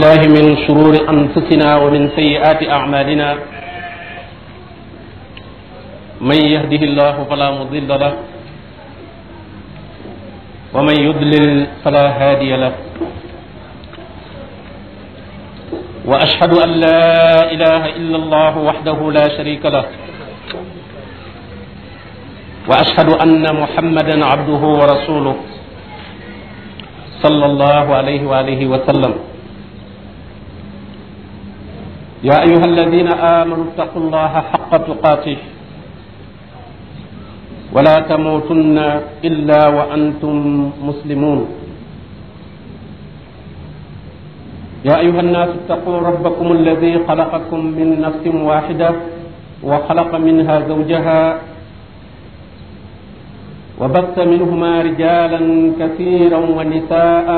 الله من شرور أنفسنا ومن سيئات أعمالنا من يهده الله فلا مضل له ومن يضلل فلا هادي له وأشهد أن لا إله إلا الله وحده لا شريك له وأشهد أن محمدا عبده ورسوله صلى الله عليه وآله وسلم يا أيها الذين آمنوا اتقوا الله حق تقاته ولا تموتن إلا وأنتم مسلمون يا أيها الناس اتقوا ربكم الذي خلقكم من نفس واحدة وخلق منها زوجها وبث منهما رجالا كثيرا ونساء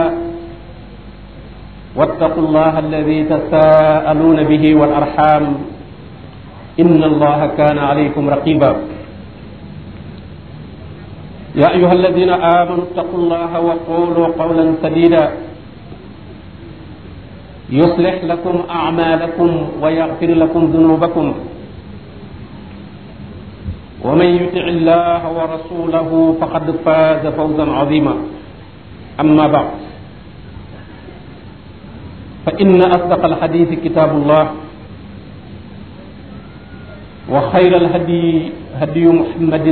واتقوا الله الذي تساءلون به والأرحام إن الله كان عليكم رقيبا يا أيها الذين آمنوا اتقوا الله وقولوا قولا سديدا يصلح لكم أعمالكم ويغفر لكم ذنوبكم ومن يطع الله ورسوله فقد فاز فوزا عظيما أما بعد فإن أصدق الحديث كتاب الله وخير الهدي هدي محمد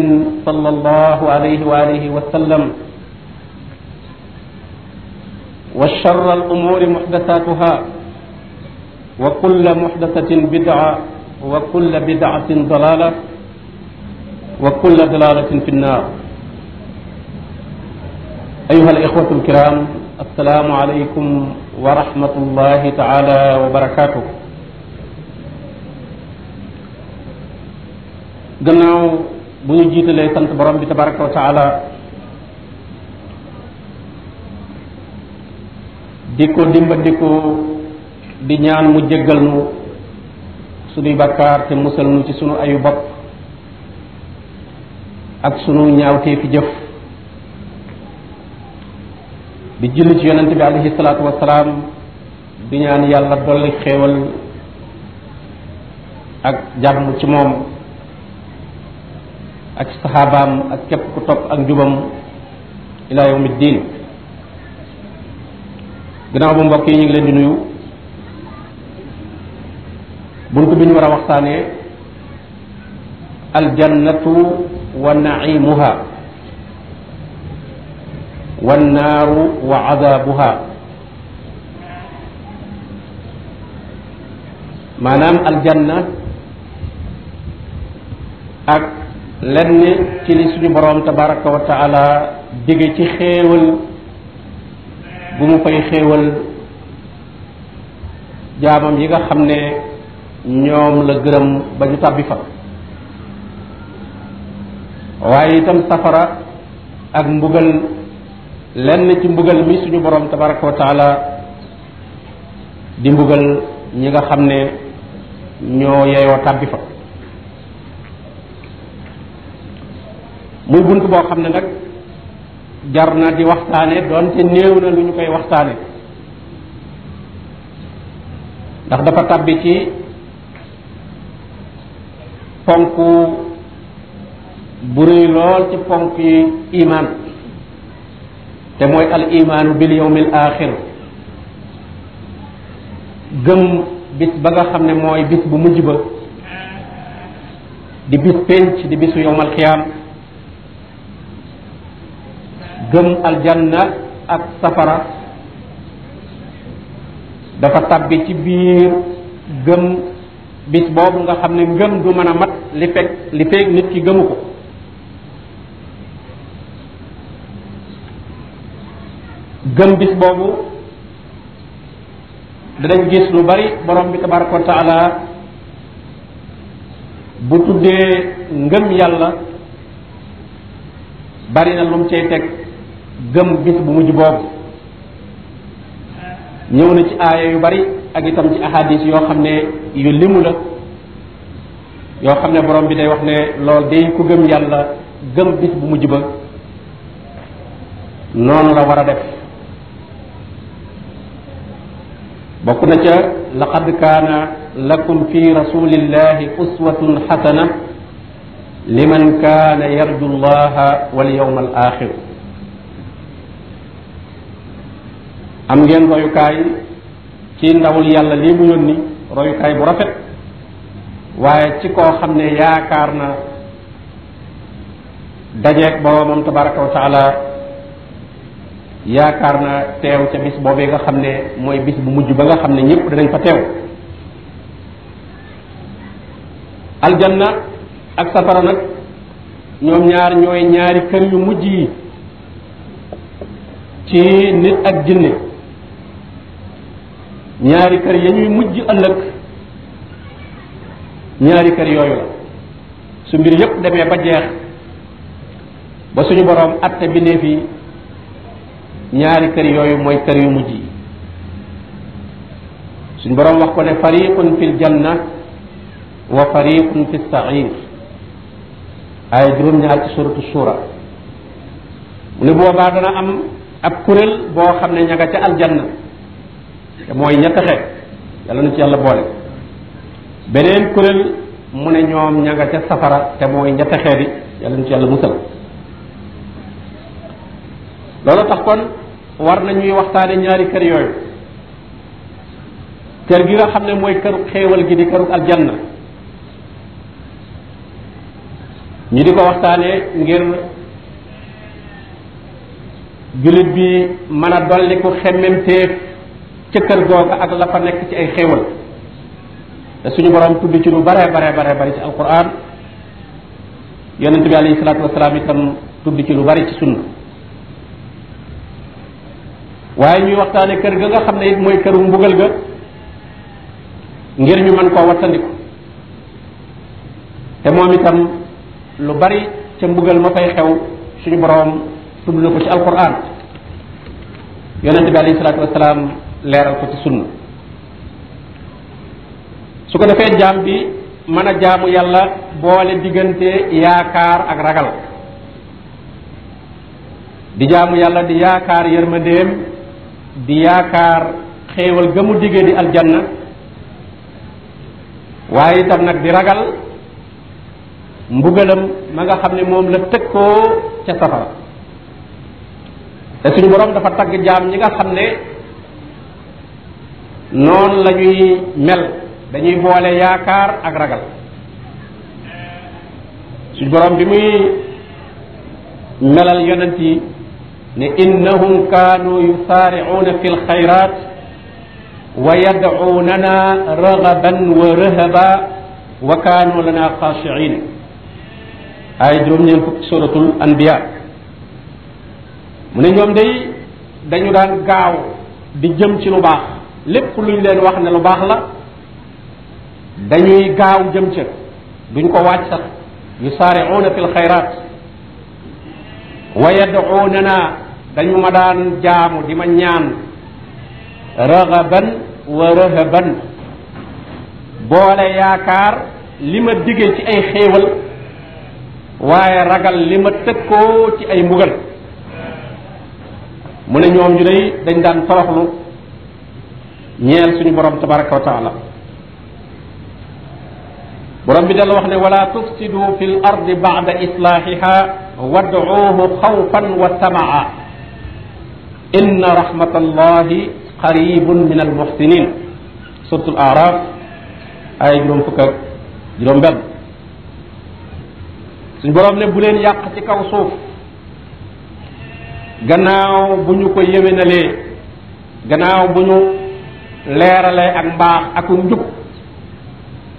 صلى الله عليه وآله وسلم وشر الأمور محدثاتها وكل محدثة بدعة وكل بدعة ضلالة وكل ضلالة في النار أيها الإخوة الكرام السلام عليكم wa rahmatullahi taala wa barakaatu gannaaw bu ñu jiitalee kant borom bi tabaraka wa taala di ko dimbandiku di ñaan mu jéggal nu sunuy bakkaar te musal nu ci sunu ayu bopp ak sunu ñaawtee fi jëf di julli ci yonente bi alayhi salaatu wasalaam di ñaan yàlla dolli xéewal ak jàmm ci moom ak saxaabaam ak képp ku topp ak njubam ila yawmi diin gannaaw ba mbokk yi ñu ngi leen di nuyu bunt bi ñu war a waxtaanee aljannatu wa naimuha wannaaru wa adabuha maanaam aljanna ak lenn ci li suñu boroom tabaraka wa taala dige ci xéewal bu mu fay xéewal jaamam yi nga xam ne ñoom la gërëm ba ñu tàbbi fa waaye itam safara ak mbugal lenn ci mbugal mi suñu boroom tabaraka wa taala di mbugal ñi nga xam ne ñoo yeyoo tàbbi fa muy bunt boo xam ne nag jar na di waxtaane doonte néew na lu ñu koy waxtaane ndax dafa tàbbi ci ponk bu lool ci ponk yi imaan te mooy al imaanu bil yawmil axir gëm bis ba nga xam ne mooy bis bu mujj ba di bis pénc di bisu yowmal xiyaam gëm aljanna ak safara dafa tabbi ci biir gëm bis boobu nga xam ne ngëm du mën a mat li fekk li fekk nit ki gëmu ko gëm bis boobu danañ gis lu bari borom bi tabaraka wa taala bu tuddee ngëm yàlla bari na lu mu cay teg gëm bis bu mujj boobu ñëw na ci aaya yu bari ak itam ci ahadis yoo xam ne yu limu la yoo xam ne borom bi day wax ne lool day ku gëm yàlla gëm bis bu mujj ba noonu la war a def bokk na ca laqad kaana lakum fi rasulillahi uswatun xasana liman kaana yarju llaha wal yawma al axir am ngeen royukaay ci ndawul yàlla lii mu yónni royukaay bu rafet waaye ci koo xam ne yaakaar na dajeeg boroomam tabaraka wa taala yaakaar na teew ca bis boobee nga xam ne mooy bis bu mujj ba nga xam ne ñëpp danañ fa teew aljanna ak safara nag ñoom ñaar ñooy ñaari kër yu mujj yi ci nit ak jinne ñaari kër ya ñuy mujj ëllëg ñaari kër yooyu la su mbir yépp demee ba jeex ba suñu boroom atte bi ne fii ñaari kër yooyu mooy kër yu mujj yi suñ boroom wax ko ne fariqun fil janna wa fariqun fi sair ay juróom-ñaar ci suratu suura mu ne boobaa dana am ab kuréel boo xam ne ña nga ca aljanna te mooy ña texe yàlla na ci yàlla boole beneen kuréel mu ne ñoom ña nga ca safara te mooy ña texe bi yàlla na ci yàlla musal loolu tax kon war nañuy waxtaane ñaari kër yooyu kër gi nga xam ne mooy këru xéewal gi di këru aljanna ñi di ko waxtaane ngir jullit bi mën a dolli ko xemmemteef ca kër googa ak la fa nekk ci ay xéewal te suñu borom tudd ci lu bare bare bare bari ci alquran yonent bi alayhi salaatu wasalaam itam tudd ci lu bari ci sunna waaye ñuy waxtaane kër ga nga xam ne it mooy këru mbugal ga ngir ñu mën koo wattandiku te moom itam lu bari ca mbugal ma fay xew suñu boroom tudd na ko ci alquran yonent bi alayhi salaatu wasalaam leeral ko ci sunna su ko defee jaam bi mën a jaamu yàlla boole diggante yaakaar ak ragal di jaamu yàlla di yaakaar yërmandeem di yaakaar xéewal ga mu diggee di aljanna waaye itam nag di ragal mbugalam ma nga xam ne moom la tëkkoo ca safara te suñu boroom dafa tagg jaam ñi nga xam ne noon la ñuy mel dañuy boole yaakaar ak ragal suñu borom bi muy melal yonent yi ne innahum kaanu yusaaricuuna fi lxayraat wa yadcuunana ragaban wa rahaba wa kaanu lana xaashiciina ay juróom-ñeent fukk suratul anbiya mu ne ñoom day dañu daan gaaw di jëm ci lu baax lépp luñ leen wax ne lu baax la dañuy gaaw jëm ca duñ ko wàcc sax yusaaricuuna fi lxayraat wa yad'unana dañu ma daan jaamu di ma ñaan ragaban wa rahaban boole yaakaar li ma dige ci ay xéewal waaye ragal li ma tëkkoo ci ay mbugal mu ne ñoom ñu day dañ daan toroxlu ñeel suñu borom tabaraka wa taala borom bi dal wax ne wala tufsidu fil ardi ba'da islahiha wadcuuhu xawfan wa tamaa inna rahmatallahi qaribun min almuxsinin surtul araf ay juróom fukk ak juróom benn suñ boroom ne bu leen yàq ci kaw suuf gannaaw bu ñu ko yéwénalee gannaaw bu ñu leeralee ak mbaax aku njub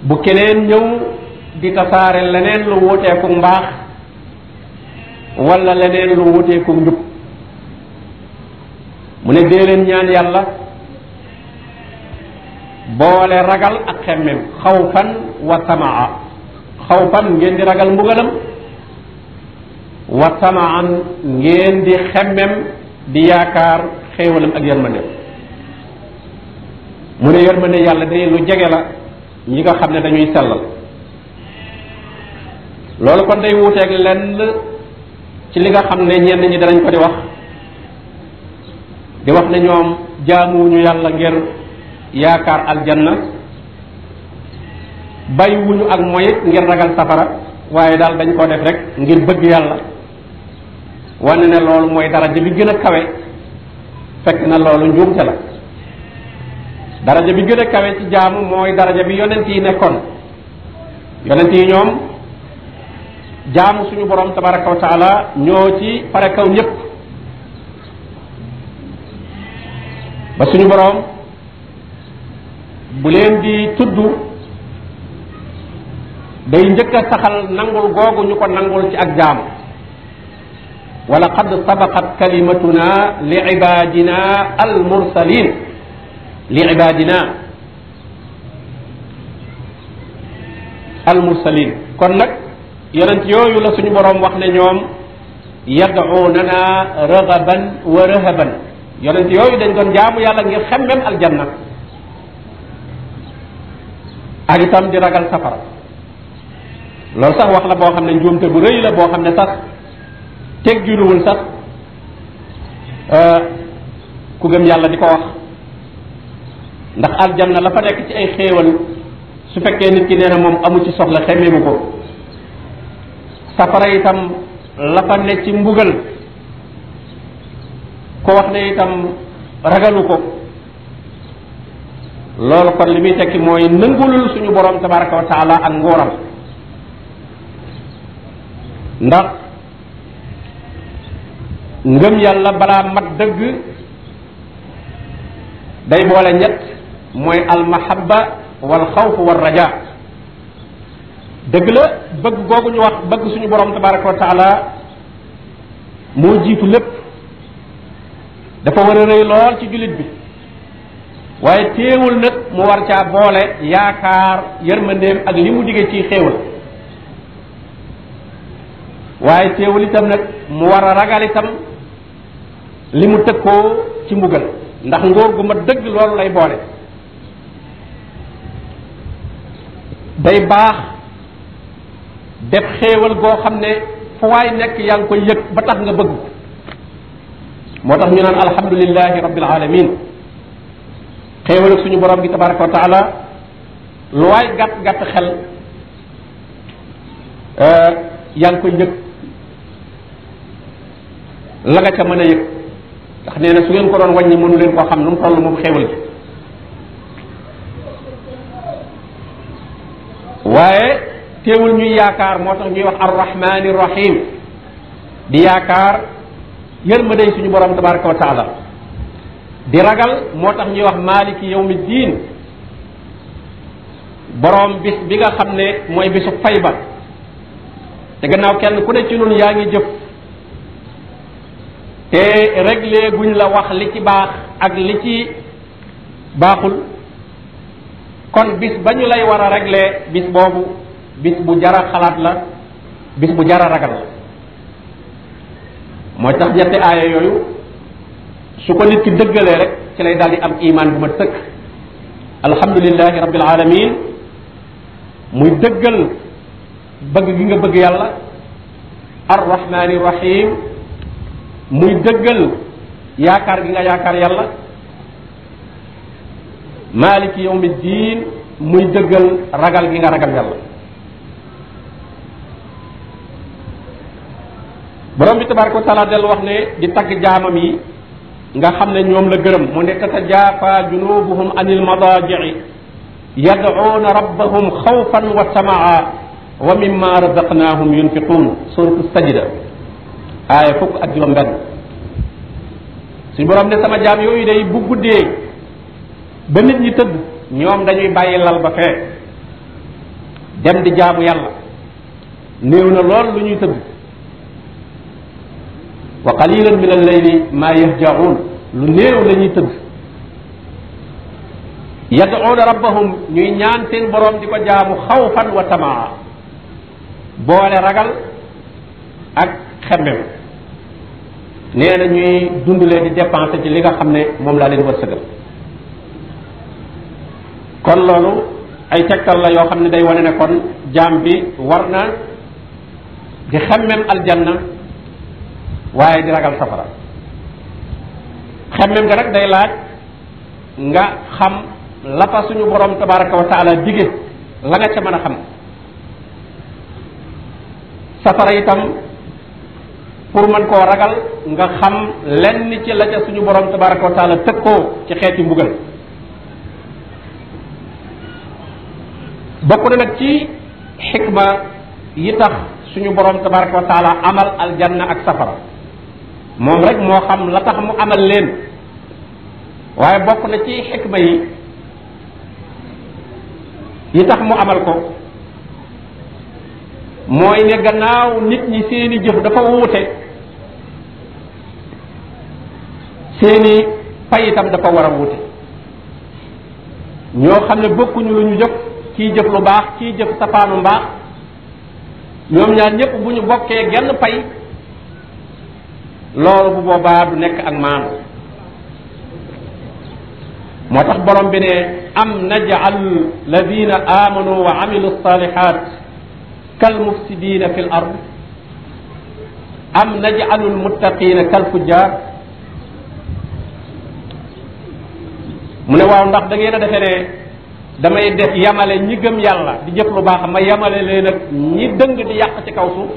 bu keneen ñëw di tasaare leneen lu wuuteeku mbaax wala leneen lu wuteeku njub mu ne dee leen ñaan yàlla boole ragal ak xemmem xawfan wa tamaa xawfan ngeen di ragal mbugalam wa tamaan ngeen di xemmem di yaakaar xéewalam ak yërmandeem mu ne yërmande yàlla de lu jege la ñi nga xam ne dañuy sellal loolu kon day wuuteeg lenn ci li nga xam ne ñenn ñi danañ ko di wax di wax ne ñoom jaamuwuñu yàlla ngir yaakaar aljanna bàyyiwuñu ak moyit ngir ragal safara waaye daal dañ koo def rek ngir bëgg yàlla wane ne loolu mooy daraja bi gën a kawe fekk na loolu njuumte la daraja bi gën a kawe ci jaamu mooy daraja bi yonent yi nekkoon yonent yi ñoom jaamu suñu borom tabaraka wa taala ñoo ci pare kaw ñépp ba suñu boroom bu leen di tudd day njëkk a saxal nangul googu ñu ko nangul ci ak jaamu wala qad sabaqat kalimatuna li ibadina al mursalin li ibadina al mursalin kon nag yonent yooyu la suñu boroom wax ne ñoom yad'unana raghaban wa rahaban yonent yooyu dañ doon jaamu yàlla ngir xemmem aljanna ak itam di ragal safara loolu sax wax la boo xam ne njuumte bu rëy la boo xam ne sax teg juluwul sax euh, ku gëm yàlla di ko wax ndax aljanna la fa nekk ci ay xéewal su fekkee nit ki nee na moom amu ci soxla xemmeemu ko safara itam la ci mbugal ko wax ne itam ragalu ko loolu ko li muy tekki mooy nangulul suñu borom tabaraka wa ak ngóoram ndax ngëm yàlla balaa mat dëgg day boole ñett mooy almahabba wa xawf wal raja dëgg la bëgg googu ñu wax bëgg suñu boroom tabaraka wa taala moo jiitu lépp dafa war a rëy lool ci jullit bi waaye téewul nag mu war caa boole yaakaar yërmandeem ak li mu digge ci xéewal waaye téewul itam nag mu war a ragal itam li mu tëkkoo ci mbugal ndax ngóor gu ma dëgg loolu lay boole day baax def xéewal goo xam ne fu waay nekk yaa ngi koy yëg ba tax nga bëgg moo tax ñu naan alhamdulilahi rabbil alamin xéewal ak suñu borom gi tabaraka wa taala lu waay gàtt gàtt xel eh, yaa ngi koy yëg la nga ca mën a yëg ndax nee su ngeen ko doon wàññi mënu leen koo xam nu mu toll moom xéewal gi waaye teewul ñuy yaakaar moo tax ñuy wax arrahmani rahim di yaakaar yërmande suñu borom tabaraka wa di ragal moo tax ñuy wax maliki yawmi diin borom bis bi nga xam ne mooy bisu fay ba te gannaaw kenn ku ne ci nun yaa ngi jëf te réglé guñ la wax li ci baax ak li ci baaxul kon bis ba ñu lay wara a réglé bis boobu bis bu jara xalaat la bis bu jara ragal la mooy tax ñetti aaya yooyu su ko nit ki dëggalee rek ci lay daldi am iman bu ma tëkk alhamdulilahi rabbil alamin muy dëggal bëgg gi nga bëgg yàlla arrahmani rahim muy dëggal yaakaar gi nga yaakaar yàlla maliki yawmiddin muy dëggal ragal gi nga ragal yàlla borom bi tabaraka wa taala del wax ne di tagg jaamam yi nga xam ne ñoom la gërëm mu ne tatajaafa junubuhum anil madaaji'i yad'uuna rabbahum xawfan wa tamaa wa mimma razaqnaahum yunfiquun suratu sajda aaya fukk ak juróom benn suñu borom ne sama jaam yooyu day bu guddee ba nit ñi tëdd ñoom dañuy bàyyi lal ba fee dem di jaamu yàlla néew na lool lu ñuy tëdd wa qalilan min al-layli ma yahja'un lu néew la ñuy tëdd yad'una rabbahum ñuy ñaan seen borom di ko jaamu xawfan wa tamaa boole ragal ak xemmem nee na ñuy dundalee di dépenser ci li nga xam ne moom laa leen war sëgal kon loolu ay tegtal la yoo xam ne day wane ne kon jaam bi war na di xemmem aljanna waaye di ragal safara xemmem nga nag day laaj nga xam la suñu borom tabaraka wa taala dige la nga ca mën a xam safara itam pour mën koo ragal nga xam lenn ci la ca suñu borom tabaraka wa taala koo ci xeeti mbugal bokk na nag ci xikma yi tax suñu borom tabaraka wa amal al aljanna ak safara moom rek moo xam la tax mu amal leen waaye bokk na ci xikma yi yi tax mu amal ko mooy ne gannaaw nit ñi seeni jëf dafa wuute seeni pay itam dafa war a wuute ñoo xam ne bokkuñu lu ñu jëf kii jëf lu baax kii jëf safaanu mbaax ñoom ñaar ñëpp bu ñu bokkee genn pay loolu bu boobaa du nekk ak maanu moo tax borom bi ne am najal ladina amanu wa amilu salihat kal mufsidina fi l ard am najalu lmuttaqina kal fujjar mu ne waaw ndax dangeen a defe ne damay def yamale ñi gëm yàlla di jëf lu baax ma yamale leen ak ñi dëng di yàq ci kaw suuf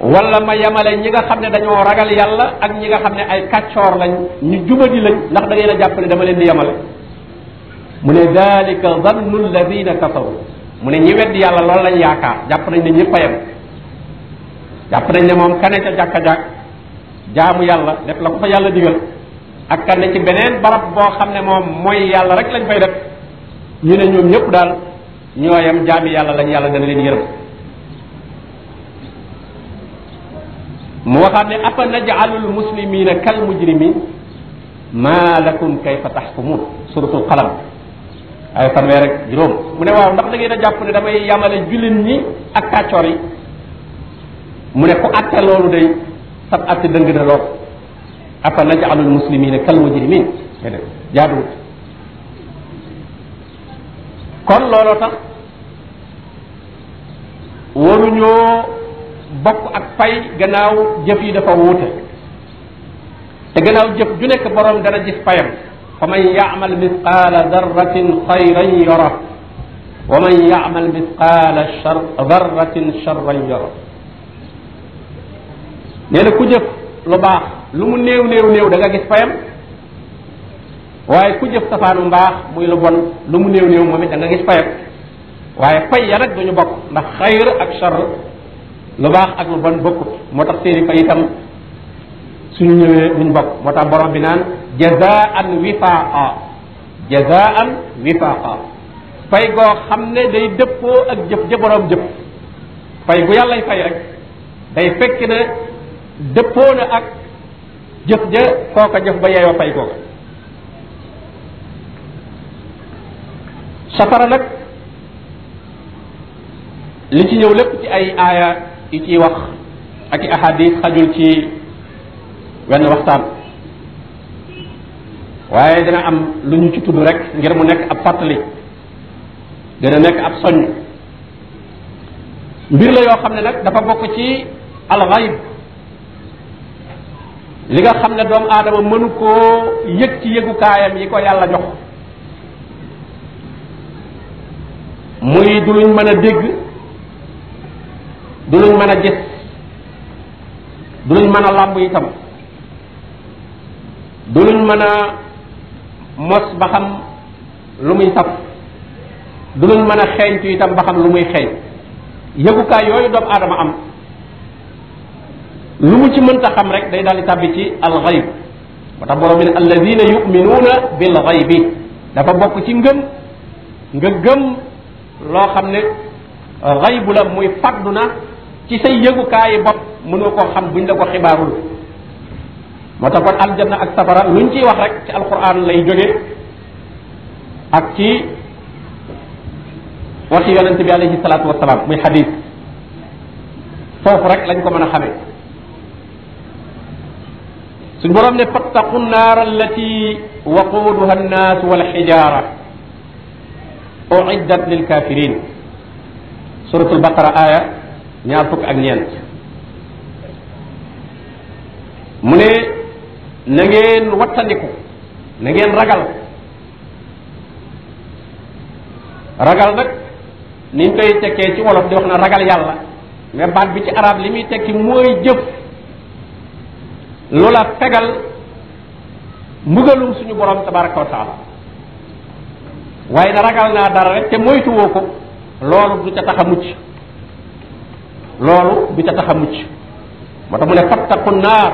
wala ma yemale ñi nga xam ne dañoo ragal yàlla ak ñi nga xam ne ay kàccoor lañ ñu jubadi lañ ndax da ngeen jàpp ne dama leen di yemale mu ne dalika zannu alladina kafaru mu ne ñii weddi yàlla loolu lañ yaakaar jàpp nañ ne ñëpp a yem jàpp nañ ne moom kane ca jàkka jàkk jaamu yàlla def la ko fa yàlla digal ak kane ci beneen barab boo xam ne moom mooy yàlla rek lañ fay def ñu ne ñoom ñëpp daal ñoo yam jaami yàlla lañ yàlla dana leen yërëm mu waxaat ne afa najalul muslimina kal mujrimin ma lakum kayfa taxkumuun suratul qalam ay fanweer rek juróom mu ne waaw ndax da ngeen a jàpp ne damay yamale jullit ñi ak kàccoor yi mu ne ku atte loolu day sab atte dëng na lool afa najalul muslimina kal mujrimin jaaduwut kon looloo tax waruñoo bokk ak pay gannaaw jëf yi dafa wuute te gannaaw jëf ju nekk boroom dana gis fayam fa man yaamal misqaala darratin xayran yora wa man yaamal misqaala shar darratin sharran yora nee na ku jëf lu baax lu mu néew néew néew da nga gis fayam waaye ku jëf safaanu mbaax muy lu bon lu mu néew néew moom it da nga gis fayam ya nag duñu bokk ndax xayr ak shar lu baax ak lu bon bokkut moo tax seeni fay itam suñu ñëwee duñ bokk moo tax borom bi naan jazaan wifaqa jazaan wifaqa fay goo xam ne day dëppoo ak jëf ja borom jëf fay gu yàllay fay rek day fekk ne dëppoo na ak jëf ja kooka jëf ba yeeyoo fay googa safara nag li ci ñëw lépp ci ay aaya yi ciy wax ak i ahadis xajul ci wenn waxtaan waaye dina am lu ñu ci tudd rek ngir mu nekk ab fàttali dina nekk ab soññ mbir la yoo xam ne nag dafa bokk ci alxayb li nga xam ne doomu aadama mënu koo yëg ci yëgukaayam yi ko yàlla jox muy du luñ mën a dégg du luñ mën a gis du luñ mën a làmb mën a mos ba xam lu muy saf du luñ mën a xeeñtu itam ba xam lu muy xeeñ yëgukaay yooyu doomu adama am lumu ci mënta xam rek day daal di tàbbi ci alxayb moo tax borom bi ne alladina yuminuuna bil xaybi dafa bokk ci ngëm nga gëm loo xam ne xaybu la muy faddu na ci say yëgukaayi bopp mënoo koo xam buñ la ko xibaarul moo tax kon aljanna ak safara luñ ciy wax rek ci alquran lay jóge ak ci waxi yonente bi alayhi salaatu wasalaam muy xadis foofu rek lañ ko mën a xamee suñ borom ne fattaqu naar allati waquduha annaas walxijaara uiddat lilkafirin suratul baqara aya ñaar fukk ak ñeent mu ne na ngeen wattandiku na ngeen ragal ragal nag niñ koy tekkee ci wolof di wax na ragal yàlla mais baat bi ci arab li muy tekki mooy jëf loola fegal mbugalum suñu boroom tabaraka wa taala waaye na ragal naa dara rek te moytuwoo ko loolu du ca tax mucc loolu du ca tax a mucc moo tax mu ne fattaqu naar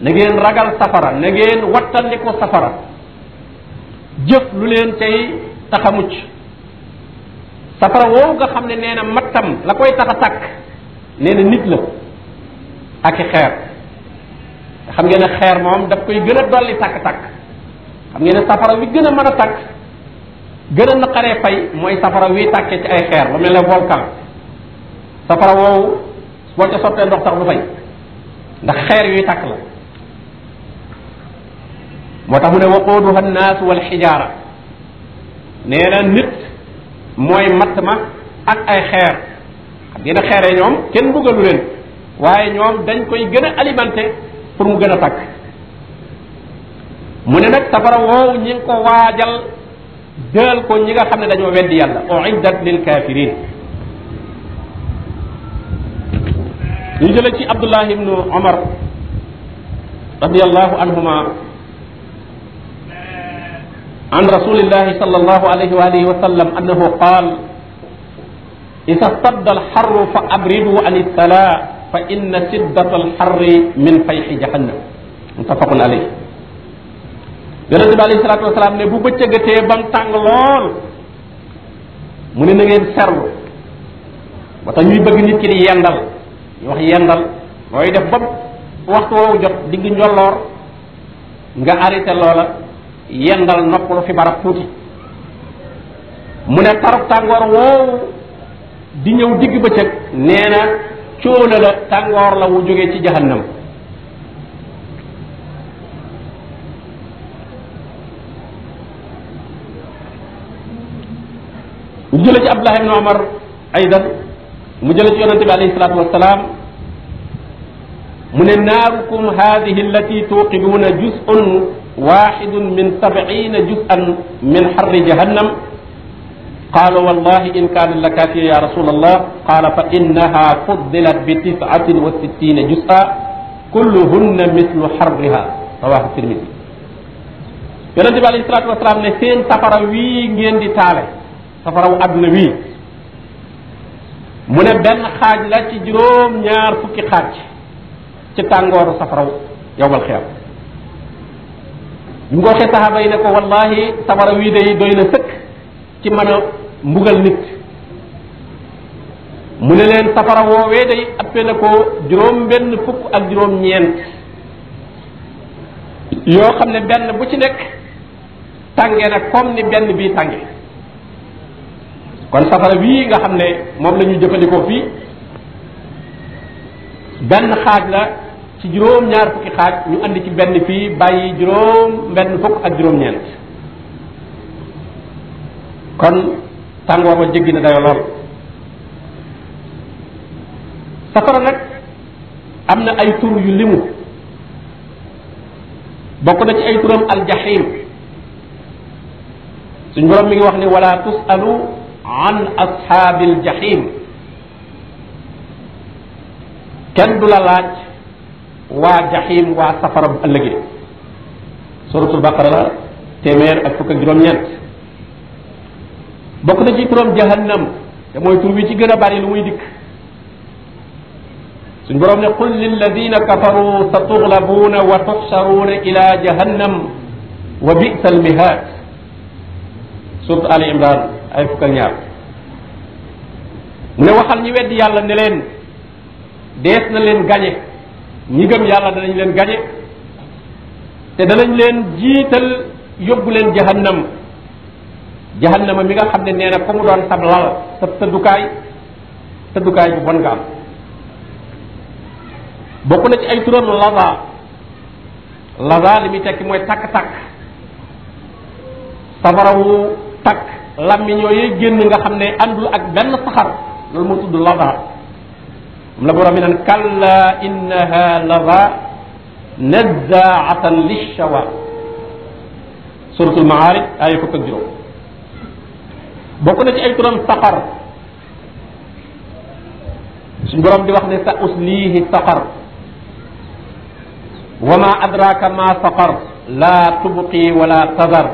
na ngeen ragal safara na ngeen wattandiku safara jëf lu leen tey tax a mucc safara woowu nga xam ne nee na mattam la koy tax a tàkk nee na nit la ak i xeer xam ngeen ne xeer moom daf koy gën a dolli tàkk-tàkk xam ngeen ne safara wi gën a mën a tàkk gën a naqaree fay mooy safara wi tàkkee ci ay xeer ba mel ne volcan safara woowu boo ca sottee ndox sax du fay ndax xeer yuy takk la moo tax mu ne waquuduha annaas wal xijaara nee na nit mooy matt ma ak ay xeer xam xeer xeere ñoom kenn mbugalu leen waaye ñoom dañ koy gën a alimenté pour mu gën a tàkk mu ne nag safara woowu ñi ngi ko waajal dël ko ñi nga xam ne dañoo weddi yàlla uiddat lil kaafiriin ñu jële ci abdullah ibnu omar radiallahu anhuma an rasulillahi sal allahu alayhi wa alihi wa sallam annahu qaal ida stadda alxarru fa abridu an ilsalaa fa inna siddat alxarri min fayxi jahannam muttafaqun alayh yonente bi alayhi salatu wasalaam ne bu bëccëgatee ba mu tàng lool mu ne na ngeen serlu ba tax ñuy bëgg nit ki di yendal ñu wax yendal looy def ba waxtu woowu jot digg njolloor nga arrêté loola yendal noppalu fi barab tuuti mu ne taruk tàngoor woowu di ñëw digg bëccëg nee na cóola tàngoor la wu jógee ci jahannam ñu jële ci Abdullah ibn Omar mu jële ci yonente bi alayhi salaatu wasalaam mu ne naarukum haadihi allati tuuqiduuna juz'un waaxidun min sab'iina juz'an min xarri jahannam qaalu wallahi in kaana lakaatiya ya rasula allah qaala fa innaha fuddilat bi tis'atin wa sittiina juz'a kulluhunna mislu xarriha rawaahu tirmidi yonente bi alayhi salaatu wasalaam ne seen safara wii ngeen di taale safaraw adduna wii mu ne benn xaaj la ci juróom ñaar fukki xaaj ci tàngooru safaraw yowmal xiyam bi mu yi ne ko wallahi safara wii day doy na sëkk ci mën a mbugal nit mu ne leen safara woowee day appee na ko juróom benn fukk ak juróom ñeent yoo xam ne benn bu ci nekk tànge na comme ni benn bii tànge kon safara bii nga xam ne moom lañuy jëfandikoo fii benn xaaj la ci juróom ñaar fukki xaaj ñu andi ci benn fii bàyyi juróom benn fukk ak juróom-ñeent kon tàngoor ba jéggi na dayo lool safara nag am na ay tur yu limu bokk na ci ay turam aljaxiim suñ borom mi ngi wax ne wala tusalu an ashaabil jahim kenn du la laaj waa jahim waa safara bu ëllëgee suratul baqara la téeméer ak fukk ak juróom-ñeent bokk na ci turam jahannam te mooy tur bi ci gën a bari lu muy dikk suñ boroom ne qul lilladina kafaru sa tuglabuuna wa tuxsaruuna ila jahannam wa bisa almihaad surat ali imran ay fukk ak ñaar mu ne waxal ñi weddi yàlla ne leen dees na leen gañe ñi gëm yàlla danañ leen gañe te danañ leen jiital yóbbu leen jahannam jahannama mi nga xam ne nee na mu doon sab lal sa tëddukaay tëddukaay bu bon nga am bokk na ci ay turam laza laza li muy tekki mooy takk-takk safara wu takk làmmiñ yooyu génn nga xam ne àndul ak benn saxar loolu moo tudd lava moom la borom bi naan kalla innaha lava nazaatan lishawa suratul maarij aaya fukk ak juróom bokk na ci ay turam saqar suñ borom di wax ne sa uslihi saqar wa ma adraka ma saqar la tubqi wala tazar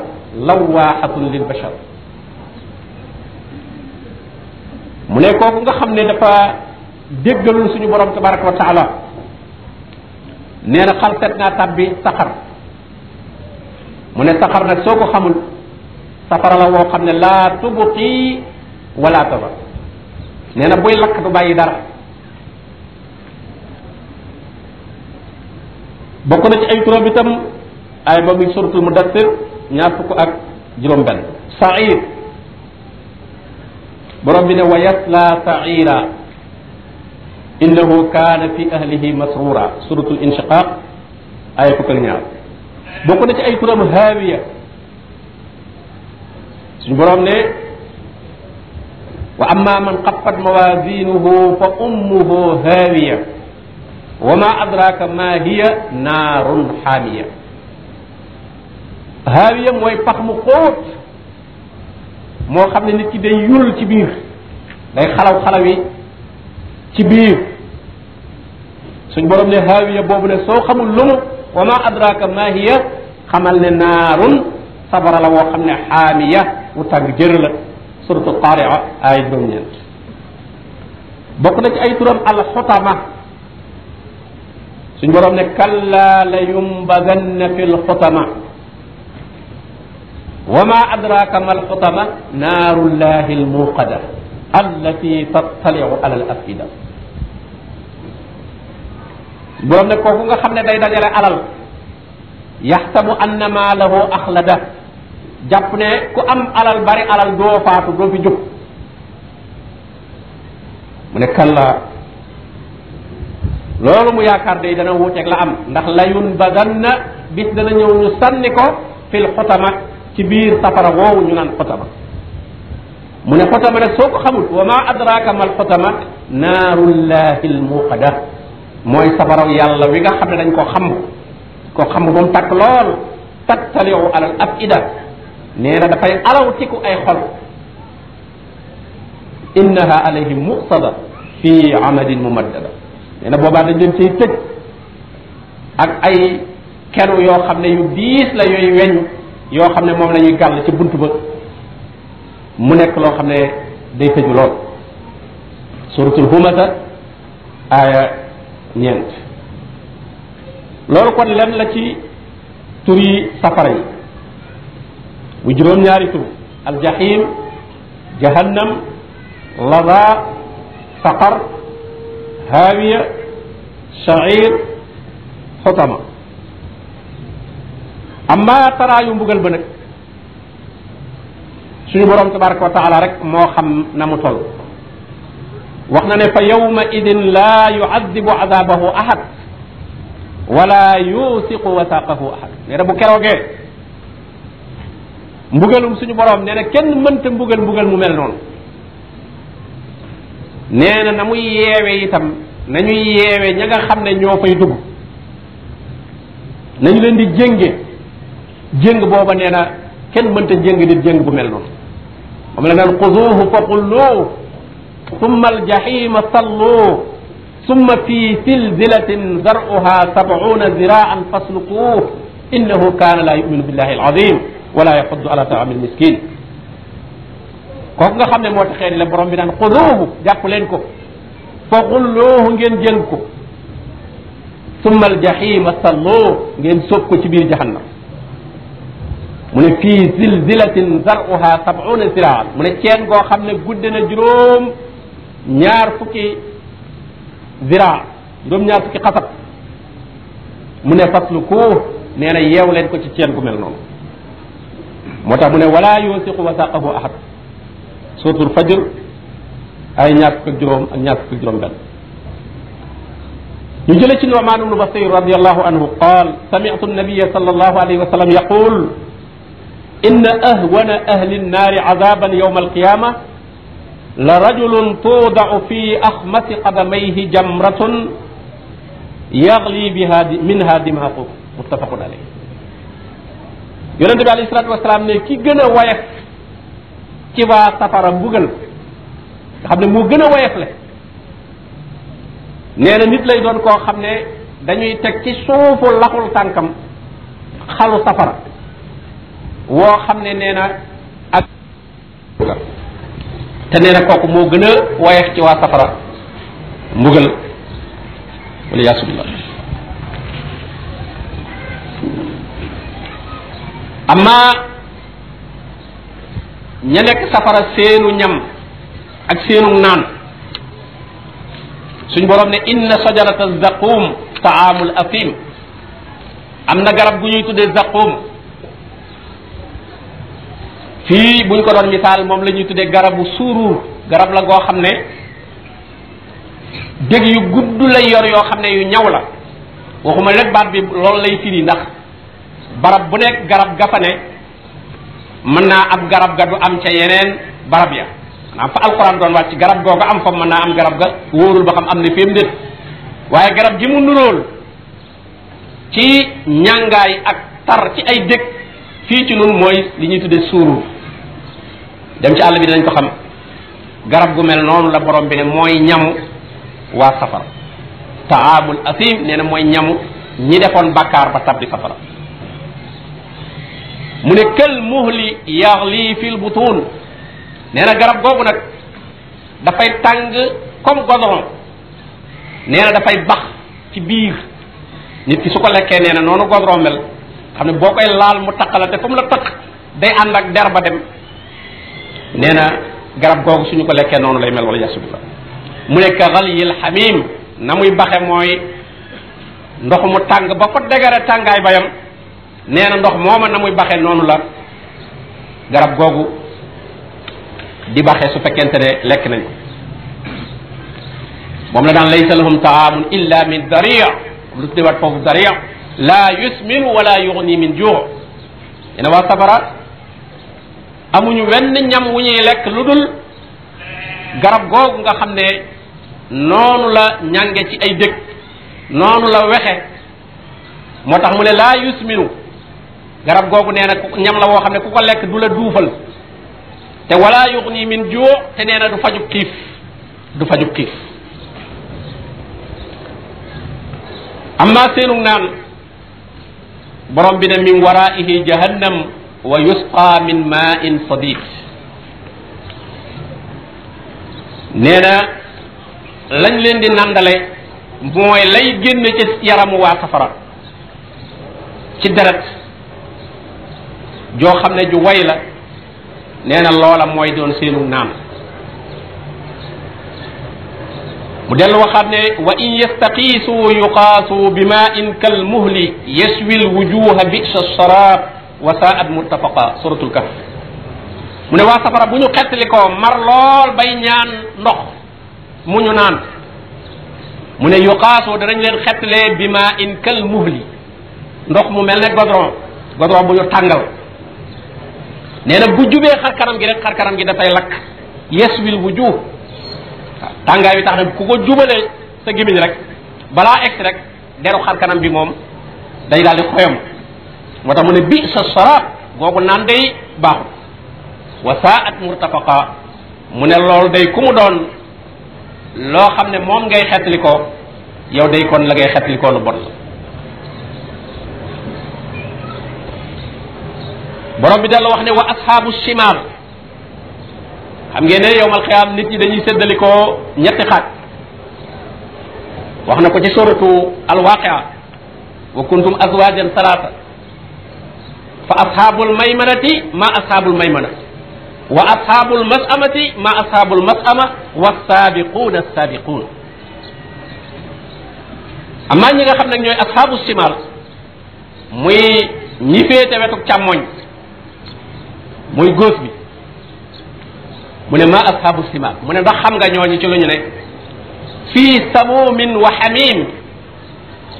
lawaaxatun lilbashar mu ne kooku nga xam ne dafa déggalul suñu borom tabaraka wa taala nee na xalkat naa tàbbi saxar mu ne saxar nag soo ko xamul safara la woo xam ne laa tubqi wala tabar nee na buy lakk du bàyyi dara bokk na ci ay turam itam ay ba muy suratul mudassir ñaar fukk ak juróom benn sair borom bi ne wa yasla saira innahu kaana fi ahlihi masrura suratul inshiqaq ay fukk ak ñaar bokk na ci ay turam haawiya suñu borom ne wa amma man xaffat mawazinuhu fa ummuhu haawiya wa ma adraka ma hiya naarun xaamiya haawiya mooy pax mu xóot moo xam ne nit ki day yurul ci biir day xalaw xalaw yi ci biir suñ borom ne haawiya boobu ne soo xamul lu mu wa ma adraka ma hiya xamal ne naarun sabara la woo xam ne xaamiya wu tàng jër la suratu qaria ay doom ñeent bokk na ci ay turam alxutama suñ borom ne kalla la yumbadanna fi lxutama wa ma adraka mal xutama naarullahi almuqada allati tattaliu ala al afida borom ne kooku nga xam ne day dajale alal yaxsabu anna maalahu axlada jàpp ne ku am alal bari alal doo faatu doo fi jóg mu ne kalla loolu mu yaakaar day dana wuuteeg la am ndax layun badanna bis dana ñëw ñu sànni ko fil xutama ci biir safara woowu ñu naan xotama mu ne xotama nag soo xamul wa ma adraka mal xotama naarullahi almuqada mooy safaraw yàlla wi nga xam ne dañ koo xam koo xam ba mu tàkk lool tattaliu alal afida nee na dafay alaw tiku ay xol innaha alayhim muqsada fi amadin mumaddada nee na boobaa dañ leen ciy tëj ak ay kenu yoo xam ne yu la yooyu weñ yoo xam ne moom la ñuy gàll ci bunt ba mu nekk loo xam ne day tëju lool suratul humata aaya ñeent loolu kon lenn la ci tur yi safara yi bu juróom-ñaari tur aljahim jahannam laza saqar haawiya sha'ir xotama amma taraayu mbugal ba nag suñu borom tabaraka wa rek moo xam na mu toll wax na ne fa yawma idin laa yuadibu adabahu ahad wala yusiqu wasaqahu ahad nee na bu keroogee mbugalum suñu borom nee na kenn mënta mbugal mbugal mu mel noonu nee na na muy yeewe itam nañuy yeewe ña nga xam ne ñoo fay dugg nañu leen di jénge jéng booba nee na kenn mënta jéng nit jéng bu mel noonu moom la naan xuduuhu fa qulluuh summa aljahima salluuh summa fi silsilatin zaruha sabuuna ziraan faslukuuh innahu kaana laa yuminu billahi alazim wala yaxuddu ala taami almiskin kooku nga xam ne moo taxee ni la borom bi naan xuduuhu jàpp leen ko fa xulluuhu ngeen jéng ko summa aljahima salluuh ngeen sóob ko ci biir jahannam mu ne fii silsilatin zaruha sabuna siraa mu ne ceen goo xam ne gudde na juróom ñaar fukki ziraa juróom ñaar fukki xasab mu ne faslu ko nee na yeew leen ko ci ceen gu mel noonu moo tax mu ne wala yoosiqu wasaqahu ahad suuratul fajr ay ñaar fukk ak juróom ak ñaar fukk ak juróom benn ñu jële ci Nu'maan ibnu Basiir radiyallahu anhu qaal sami'tu nabiyya sallallahu alayhi wa sallam yaqul inna ahwana ahli nnaari azaban yawma alqiyama la rajulun tuudau fi axmasi qadamayhi jamratun yagli biha minha dimhaqu muttafaqun alayh yonente bi alayhi salatu wasalaam ne ki gën a woyof ci waa safara mbugal nga xam ne moo gën a woyof le nee na nit lay doon koo xam ne dañuy teg ci suufu laxul tànkam xalu safara woo xam ne nee na ak te nee na kooku moo gën a wayex ci waa safara mbugal wala yaasubillah amma ña nekk safara seenu ñam ak seenu naan suñ borom ne inna sajarata zaqum taamul athim am na garab gu ñuy tuddee zaqum fii buñ ko doon misaal moom la ñuy tuddee garabu suuruur garab la goo xam ne dég yu gudd lay yor yoo xam ne yu ñaw la waxuma rek baat bi loolu lay firi ndax barab bu nekk garab ga fa ne mën naa am garab ga du am ca yeneen barab ya maanaam fa alxuraan doon wàcc garab googa am fa mën naa am garab ga wóorul ba xam am na féem déet waaye garab gi mu nuróol ci ñàngaay ak tar ci ay dég fii ci nun mooy li ñuy tuddee suuruur dem ci àll bi dañ ko xam garab gu mel noonu la borom bi ne mooy ñamu waa safara taamul asim nee na mooy ñamu ñi defoon bàkkaar ba tab di safara mu ne kël muhli yaxli fil butun nee na garab googu nag dafay tàng comme goudron nee dafay bax ci biir nit ki su ko lekkee nee na noonu goudron mel xam ne boo koy laal mu taq la te fu mu la taq day ànd ak der ba dem nee na garab googu suñu ko lekkee noonu lay mel wala yasu bi fa mu ne ka xalyil xamim na muy baxe mooy ndox mu tàng ba fa degare tàngaay bayam nee na ndox mooma na muy baxe noonu la garab googu di baxe su fekkente ne lekk nañ ko moom la daan laysa lahum taamun illa min daria lu tuddewaat la yusminu wala yuxni min juux amuñu wenn ñam wu ñuy lekk lu dul garab googu nga xam ne noonu la ñange ci ay dëkk noonu la wexe moo tax mu ne laa yusminu garab googu nee na ñam la woo xam ne ku ko lekk du la duufal te wala yuxni min joo te nee na du faju xiif du fajub xiif amma seenug naan borom bi ne min waraihi jahannam wa yusqa min ma'in sadid nee na lañ leen di nàndale mooy lay génn ci yaramu waa safara ci deret joo xam ne ju way la nee na loola mooy doon seenu naan mu dellu waxaat ne wa in yastaqiisu yuqaasu bi ma in kal muhli yaswi l wujuha bisa sharab wa at muttafaqa suratul kahf mu ne waa safara bu ñu xettali ko mar lool bay ñaan ndox mu ñu naan mu ne yuqaasu danañ leen xettalee bi ma in kal muhli ndox mu mel ne godron godron bu ñu tàngal nee na bu jubee xar kanam gi rek xar kanam dafay lakk yeswil wujuh waaw tàngaay bi tax na ku ko jubalee sa gémmiñ rek balaa egsi rek deru xar kanam bi moom day daal di xoyam moo tax mu ne bi sa saraab googu naan day baaxul wa saat mu ne loolu day ku doon loo xam ne moom ngay xetli ko yow day kon la gay xetli ko lu bon la borom bi dala wax ne wa asxaabu shimaal xam ngeen yow yowmal xiyaam nit ñi dañuy séddalikoo ñetti xaaj wax na ko ci suratu alwaqia wa kuntum azwajan salaata fa ashaabul maymanati ma ashaabul maymana wa ashaabul masamati ma ashaabul masama wa saabiquuna saabiquun amaa ñi nga xam nag ñooy ashaabu simaar muy ñi féete wetuk càmmoñ muy góos bi mu ne ma ashaabu simaar mu ne ndax xam nga ñooñu ci lu ñu ne fii samuumin wa xamiim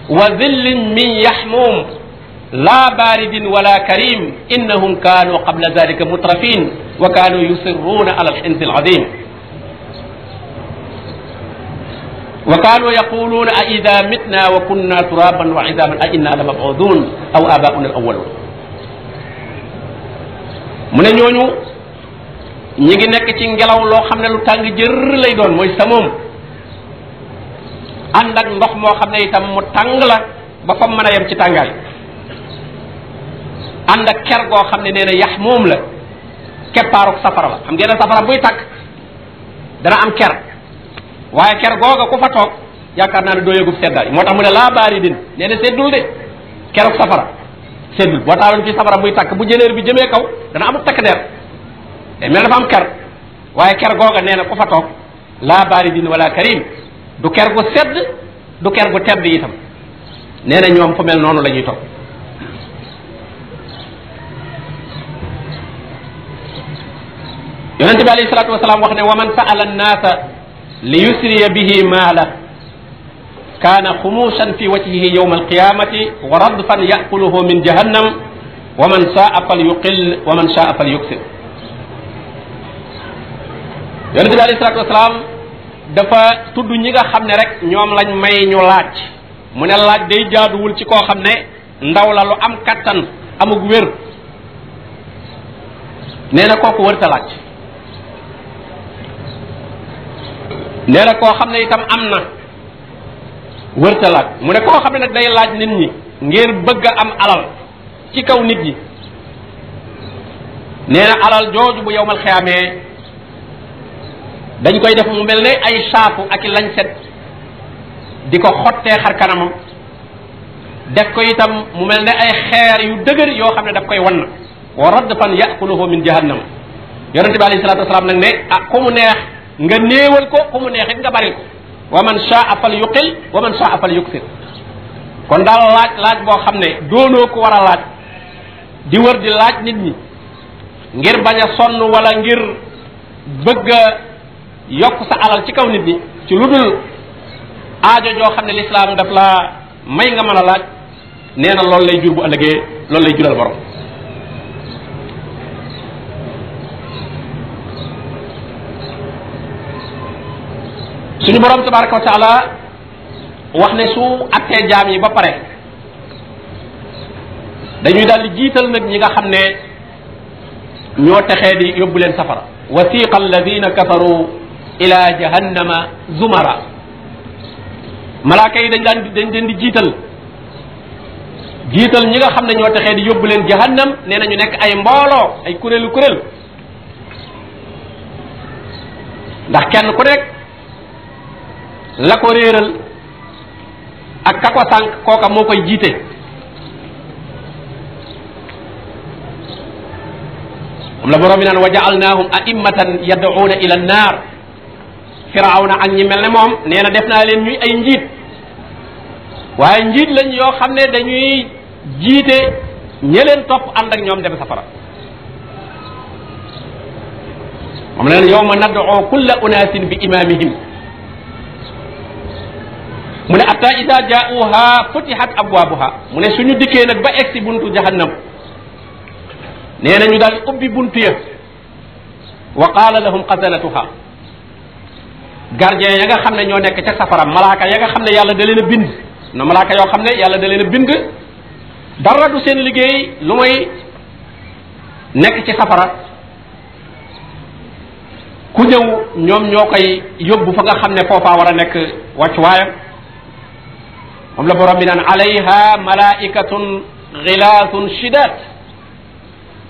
wa zillin min yaxmuum laa baaridin wala karim innahum kaanu qabla dalika mutrafin wa kaanu yusirruuna ala alxinsi aladim wa kaanu yaquluuna a ida mitna wa kunna turaban wa idaman a inna la mabudun aw abauna al awalun mu ne ñooñu ñi ngi nekk ci ngelaw loo xam ne lu tàng jër lay doon mooy sa moom ànd ak ndox moo xam ne itam mu tàng la ba fa mën a yem ci tàngaay ànd ak ker goo xam ne nee na yax moom la keppaaruk safara la xam ngeen ne safara buy takk dana am ker waaye ker googa ku fa toog yaakaar naa ne doo yëgub seddaay moo tax mu ne laa baari din nee na seddul de keruk safara seddul boo taaloon ci safara buy takk bu jëneer bi jëmee kaw dana amuk takk der day mel dafa am ker waaye ker googa nee na ku fa toog laa baari din wala karim du ker gu sedd du ker gu tedd itam nee na ñoom fu mel noonu la ñuy toog yonente bi alayhi salatu wasalaam wax ne wa man saala annaasa li yusriya bihi maala kaana xumushan fi wajhihi yawma alqiyamati wa radfan yakuluhu min jahannam wa man saa fal yuqil wa man saa fal yuksir yonente bi alayhi salatu wasalaam dafa tudd ñi nga xam ne rek ñoom lañ may ñu laaj mu ne laaj day jaaduwul ci koo xam ne ndaw la lu am kattan amug wér nee na kooku wërta laaj nee na koo xam ne itam am na wërta mu ne koo xam ne nag day laaj nit ñi ngir bëgg a am alal ci kaw nit ñi nee na alal jooju bu yowmal xiyaamee dañ koy def mu mel ne ay saafu ak i lañset di ko xottee xar kanamam def ko itam mu mel ne ay xeer yu dëgër yoo xam ne daf koy wan wa radd fan yakuluhu min jahannam yonente bi alayhi salatu wasalaam nag ne ah ku mu neex nga néewal ko ku mu neexit nga baril ko wa man shaa fal yuqil wa man shaa fal yuksir kon daal laaj laaj boo xam ne doonoo ko war a laaj di wër di laaj nit ñi ngir bañ a sonn wala ngir bëgg a yokk sa alal ci kaw nit ñi ci lu dul aajo joo xam ne lislaam daf laa may nga mën a laaj nee na loolu lay jur bu ëllëgee loolu lay jural borom suñu borom tabaraka wa taala wax ne su attee jaam yi ba pare dañuy daal di jiital nag ñi nga xam ne ñoo texee di yóbbu leen safara wasiqa alladina kafaru ila jahannama zumara malaaka yi dañ daan dañ leen di jiital jiital ñi nga xam ne ñoo texee di yóbbu leen jahannam nee nañu nekk ay mbooloo ay kuréelu kuréel ndax kenn ku nekk la ko réeral ak ka ko kooka moo koy jiite moom la borom bi naan wa ja'alnaahum a'immatan yad'uuna ila naar firawna ak ñi mel ne moom nee na def naa leen ñuy ay njiit waaye njiit lañ yoo xam ne dañuy jiite ñi topp ànd ak ñoom dem safara moom la leen yawma nad'u kulla bi imaamihim mu ne atta ida jaauha futihat abwaabuha mu ne suñu dikkee nag ba egsi buntu jahannam nee na ñu daal ubbi buntu ya wa qaala lahum xasanatuha gardien ya nga xam ne ñoo nekk ca safara malaaka ya nga xam ne yàlla da leen a bind na malaaka yoo xam ne yàlla da leen a bind dara du seen liggéey lu may nekk ci safara ku ñëw ñoom ñoo koy yóbbu fa nga xam ne foofaa war a nekk wàccuwaayam moom la borom bi naan alayha malaikatun xilaatun shidat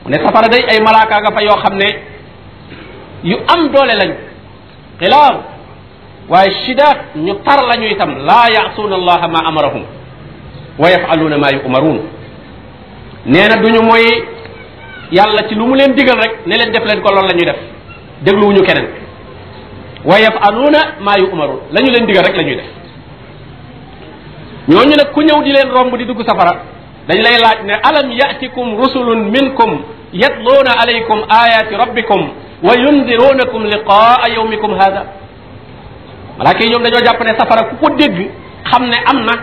mu ne safara day ay malaaka nga fa yoo xam ne yu am doole lañu xilaaw waaye shidat ñu tar lañu itam laa yaasuuna allaha ma amarahum wa yafaluuna ma yumaruun nee na duñu mooy yàlla ci lu mu leen digal rek ne leen def leen ko loolu la ñuy def dégluwuñu keneen wa yafaluuna ma yumaruun la ñu leen digal rek la ñuy def ñoo ñu nag ku ñëw di leen romb di dugg safara dañ lay laaj ne alam yatikum rusulun minkum yatluuna alaykum ayati rabbikum wa yundirunakum liqaa yawmikum hada malaaka yi ñoom dañoo jàpp ne safara ku ko dégg xam ne am na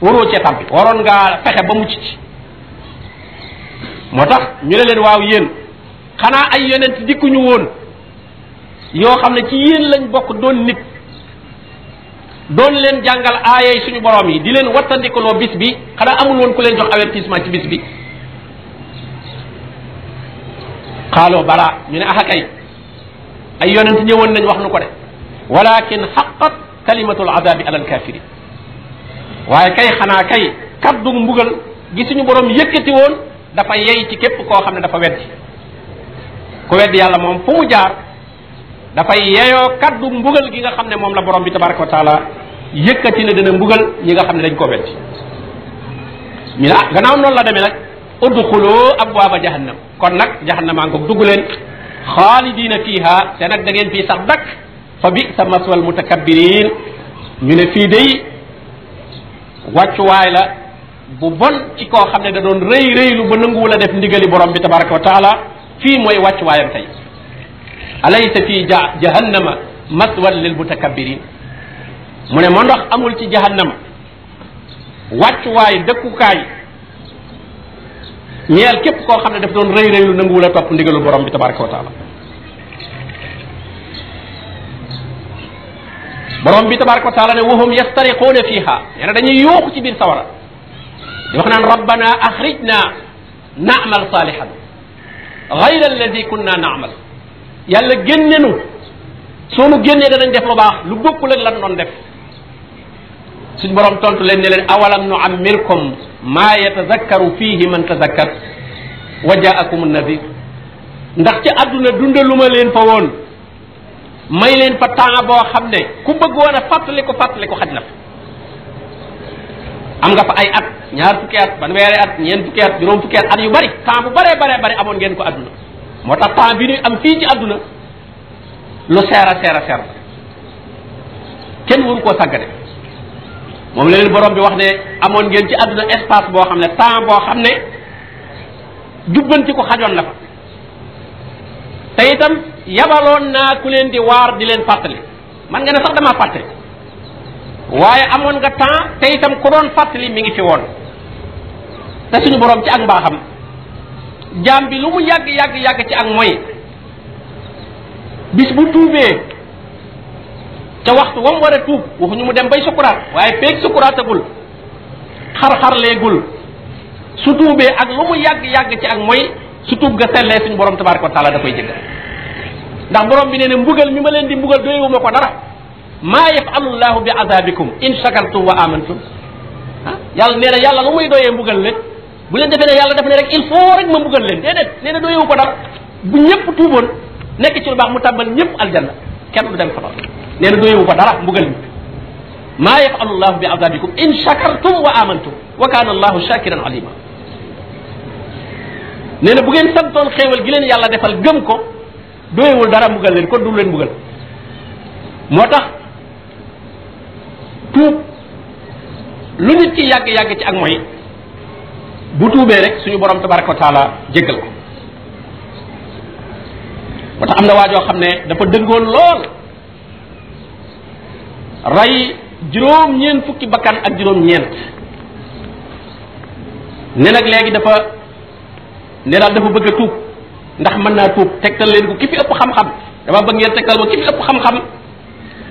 waroo cee tàmbi waroon nga fexe ba mu ci moo tax ñu ne leen waaw yéen xanaa ay yonent dikkuñu woon yoo xam ne ci yéen lañ bokk doon nit doon leen jàngal aayay suñu borom yi di leen wattandikuloo bis bi xanaa amul woon ku leen jox avertissement ci bis bi xaaloo balaa ñu ne axa kay ay yonent ñëwoon nañ wax nu ko de walakin xaqat kalimatul azabi alal kafirin waaye kay xanaa kay kaddu mbugal gi suñu borom yëkkati woon dafa yey ci képp koo xam ne dafa weddi ku weddi yàlla moom fu mu jaar dafay yeyoo kaddu mbugal gi nga xam ne moom la borom bi tabaraka wa taala yëkkati ne dana mbugal ñi nga xam ne dañ ko betti ñu ah, gannaaw noonu la demee nag udxulu abwaaba jahannam kon nag jahannama ko dugg leen xaalidina fiiha te nag da ngeen fii sax dakk fa bi sa maswal mutakabbiriin ñu ne fii day wàccuwaay la bu bon ci koo xam ne da doon rëy rëylu ba nanguwul a def ndigali borom bi tabaraka wa taala fii mooy wàccuwaayam tey alaysa fi jahannama maswan lil mutakabbirin mu ne ma ndox amul ci jahannama wàccuwaay dëkkukaay ñeel képp koo xam ne daf doon rëy rëy lu nanguwul a topp ndigalu borom bi tabaraka wa taala borom bi tabaraka wa taala ne wahum yastariquuna fiha nee na dañuy yuuxu ci biir sawara di wax naan rabbana axrijna naamal salihan gayra alladi kunna naamal yàlla génne nu soo nu génnee danañ def lu baax lu bokkul ak lan doon def suñ boroom tontu leen ne leen awalam nu ammirkum maa yatazakkaru fiihi man tazakkar wa jaakum nadir ndax ci àdduna dundaluma leen fa woon may leen fa temps boo xam ne ku bëgg woon a fàttali ko fàttali ko xaj na fa am nga fa ay at ñaar fukki at fanweeri at ñeent fukki at juróom fukki at at yu bari temps bu bare baree bari amoon ngeen ko àdduna moo tax temps bi ñuy am fii ci àdduna lu seer a seer kenn waru koo sàggane moom la leen borom bi wax ne amoon ngeen ci àdduna espace boo xam ne temps boo xam ne jubbanti ko xajoon na fa te itam yabaloon naa ku leen di waar di leen fàttali man nga ne sax damaa fàtte waaye amoon nga temps te itam ku doon fàttali mi ngi fi woon te suñu borom ci ak mbaaxam jaam bi lu mu yàgg yàgg yàgg ci ak mooy bis bu tuubee ca waxtu wam war a tuub waxuñu mu dem bay sukuraat waaye peeg sukuraatagul xar-xarleegul su tuubee ak lu mu yàgg yàgg ci ak mooy su tuub ga sellee suñu borom tabaraka wa taala da koy jëggal ndax borom bi nee ne mbugal mi ma leen di mbugal doyewu ma ko dara maa yafalu llahu bi azabikum in shakartum wa amantum ah yàlla nee na yàlla lu muy doyee mbugal lépp bu leen defee ne yàlla daf ne rek il faut rek ma mbugal leen déedéet nee na doo yow ko dara bu ñëpp tuuboon nekk ci lu baax mu tàmbal ñëpp aljanna kenn du dem safara nee na doo yow ko dara mbugal mi maa yafalu llahu bi azabikum in shakartum wa amantum wa kana allahu shakiran alima nee na bu ngeen santoon xéewal gi leen yàlla defal gëm ko doyewul dara mbugal leen kon du leen mbugal moo tax tuub lu nit ki yàgg-yàgg ci ak mooy bu tuubee rek suñu borom tabaraka wa taala ko moo tax am na waajoo xam ne dafa dëngoon lool rey juróom-ñeent fukki bakkan ak juróom-ñeent ne nag léegi dafa ne daal dafa bëgg a tuub ndax mën naa tuub tegtal leen ko ki fi ëpp xam-xam dama bëgg ngeen tegtal ma ki fi ëpp xam-xam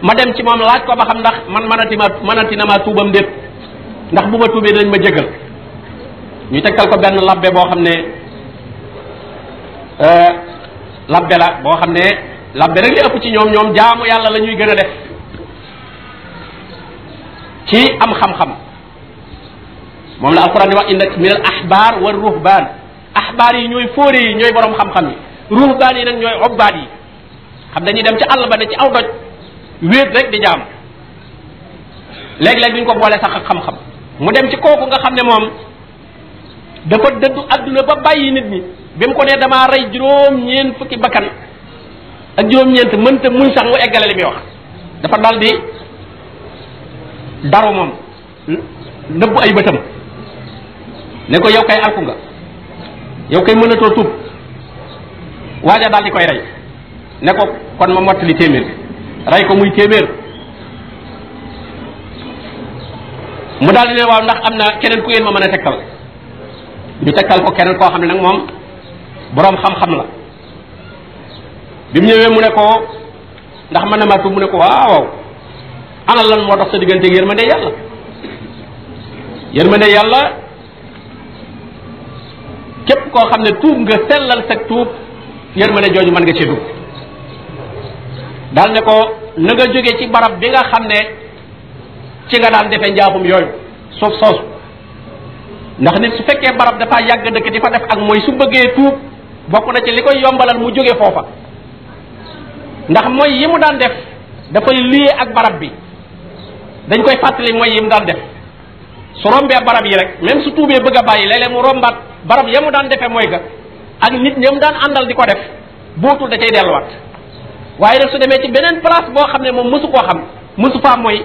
ma dem ci moom laaj ko ma xam ndax man mënati ma mënati na maa tuubam déet ndax bu ma tuubee dañ ma jégal ñu tegtal ko benn labbe boo xam ne euh, labbe la boo xam ne labbe rek li ëpp ci ñoom ñoom jaamu yàlla la ñuy gën a def ci am xam-xam moom la alquran di wax inna min al ahbar wa ruhbaan ahbar yi ñooy fóore yi ñooy boroom xam-xam yi ruhbaan yi nag ñooy obbaat yi xam dañuy dem ci àll ba ne ci aw doj wéet rek di jaam léeg-léeg duñ ko boole sax ak xam-xam mu dem ci kooku nga xam ne moom dafa dëddu àdduna ba bàyyi nit ñi bi mu ko nee damaa rey juróom-ñeent fukki bakkan ak juróom-ñeent mënta muñ sax mu eggale li muy wax dafa dal di daru moom nëbbu ay bëtam ne ko yow kay alku nga yow kay mënatoo tuub waaja daal di koy rey ne ko kon ma mottali téeméer rey ko muy téeméer mu daal di ne waaw ndax am na keneen ku ngeen ma mën a tegtal ñu tekkal ko keneen koo xam ne nag moom boroom xam-xam la bi mu ñëwee mu ne ko ndax ma ne maa tuub mu ne ko waaw ana lan moo dox sa diggante ak yërmande yàlla ne yàlla képp koo xam ne tuub nga sellal sa tuub yërmande jooju mën nga ci dugg daal ne ko na nga jóge ci barab bi nga xam ne ci nga daan defe njaaxum yooyu suuf soosu ndax nit su fekkee barab dafa yàgg dëkk di fa def ak mooy su bëggee tuub bokk na ci li koy yombalal mu jóge foofa ndax mooy yi mu daan def dafay liyee ak barab bi dañ koy fàttali mooy yi mu daan def su rombee barab yi rek même su tuubee bëgg a bàyyi léeg-léeg mu rombaat barab ya mu daan defee mooy ga ak nit ñam daan àndal di ko def bootul da cay delluwaat waaye nag su demee ci beneen place boo xam ne moom mësu koo xam mësu faa mooy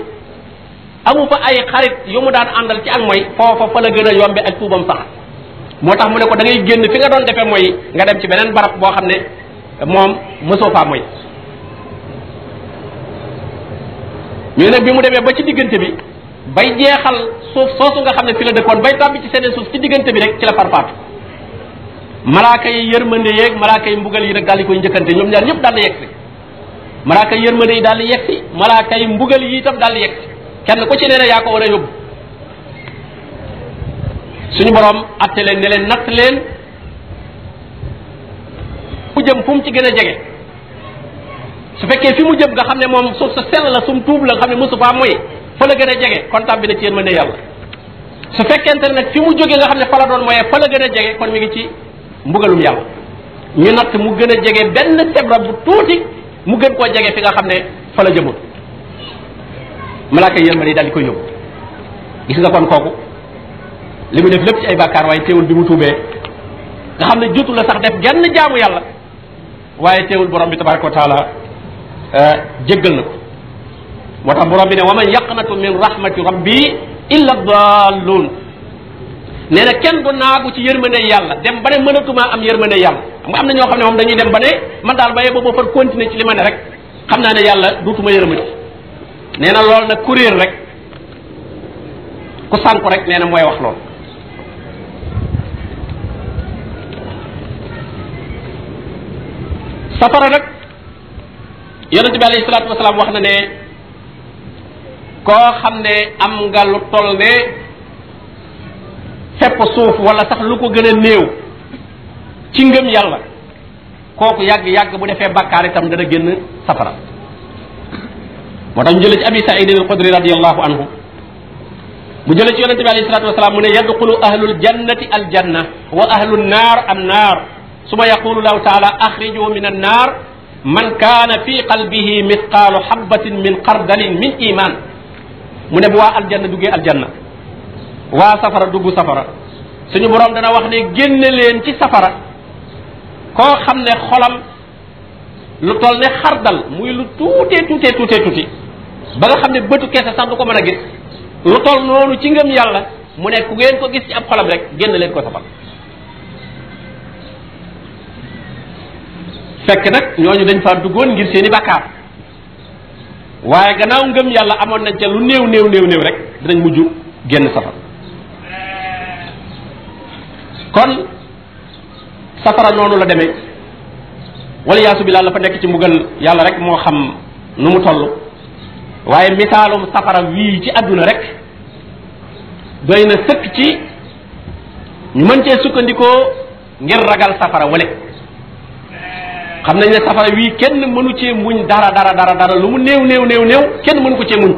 amu fa ay xarit yu mu daan àndal ci ak mooy foofa fa la gën a yombe ak tuubam sax moo tax mu ne ko da ngay génn fi nga doon defee mooy nga dem ci beneen barab boo xam ne moom mësoo faa mooy mais nag bi mu demee ba ci diggante bi bay jeexal suuf soosu nga xam ne fi la dëkkoon bay tàbbi ci seen suuf ci diggante bi rek ci la farfaatu malaaka yi yërmande yeeg malaaka yi mbugal yi nag daal di koy njëkkante ñoom ñaar ñëpp daal di yegsi malaaka yi yërmande yi daal di yegsi malaaka yi mbugal yi itam daal di kenn ku ci nee na yaa ko war a yóbbu suñu borom atte leen ne leen natt leen fu jëm fu mu ci gën a jege su fekkee fi mu jëm nga xam ne moom suuf sa sell la sum tuub la nga xam ne mosu faa moy fa la gën a jege kon tàbbi na ci yërmande yàlla su fekkente ne nag fi mu jógee nga xam ne fa la doon moyee fa la gën a jege kon mu ngi ci mbugalum yàlla ñu natt mu gën a jege benn sebra bu tuuti mu gën koo jege fi nga xam ne fa la jëmoon malaaka yërmande yi daal di koy yóbbu gis nga kon kooku li mu def lépp ci ay bàkkaar waaye teewul bi mu tuubee nga xam ne jotu la sax def genn jaamu yàlla waaye teewul borom bi tabaraka wa taala euh, jéggal na ko moo tax borom bi ne wa man yaqnatu min rahmati rabbi illa dallun nee na kenn du naagu ci yërmande yàlla dem ba ne mënatumaa am yërmande yàlla xam nga am na ñoo xam ne moom dañuy dem ba ne man daal ba boobu far continuer ci li ma ne rek xam naa ne yàlla duutuma yërmande nee na loolu nag kuréel rek ku sànku rek nee na mooy wax lool safara nag yonent bi alayhi salaatu wasalaam wax na ne koo xam ne am nga lu toll ne fepp suuf wala sax lu ko gën a néew ci ngëm yàlla kooku yàgg-yàgg bu defee bàkkaar itam dana génn safara moo tax ñu jëlee ci abi saïd al xudri radiallahu anhu mu jëlee ci yonente bi alayhi salatu wasalaam mu ne yadxulu ahlul jannati al janna wa ahlun naar an naar suma yaqulu lahu taala axriju min an naar man kaana fi qalbihi misqaalu xabatin min xardalin min iman mu ne bu waa aljanna duggee aljanna waa safara dugg safara suñu borom dana wax ne génne leen ci safara koo xam ne xolam lu toll ne xardal muy lu tuutee tuutee tuutee tuuti ba nga xam ne bëtu keese sax du ko mën a gis lu toll noonu ci ngëm yàlla mu ne ku ngeen ko gis ci ab xolam rek génn leen ko safar fekk nag ñooñu dañ fa duggoon ngir seeni bàkkaar waaye gannaaw ngëm yàlla amoon nañ ca lu néew néew néew néew rek dinañ mujj génn safar kon safara noonu la demee wala yaasu bi la fa nekk ci mbugal yàlla rek moo xam nu mu toll waaye misaalum safara wii ci àdduna rek doy na sëkk ci ñu mën cee sukkandikoo ngir ragal safara wale xam nañ ne safara wii kenn mënu cee muñ dara dara dara dara lu mu néew néew néew kenn mënu ko cee muñ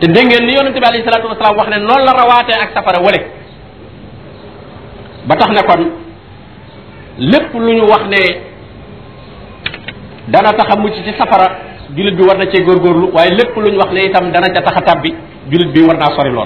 te dégg ngeen ni yonente bi alayhi salaatu wax ne noonu la rawaatee ak safara wale ba tax na kon lépp lu ñu wax ne dana tax a mucc ci safara jullit bi war na cee góorgóorlu waaye lépp lu ñu wax ne itam dana ca tax a tàbbi jullit bi war naa sori lool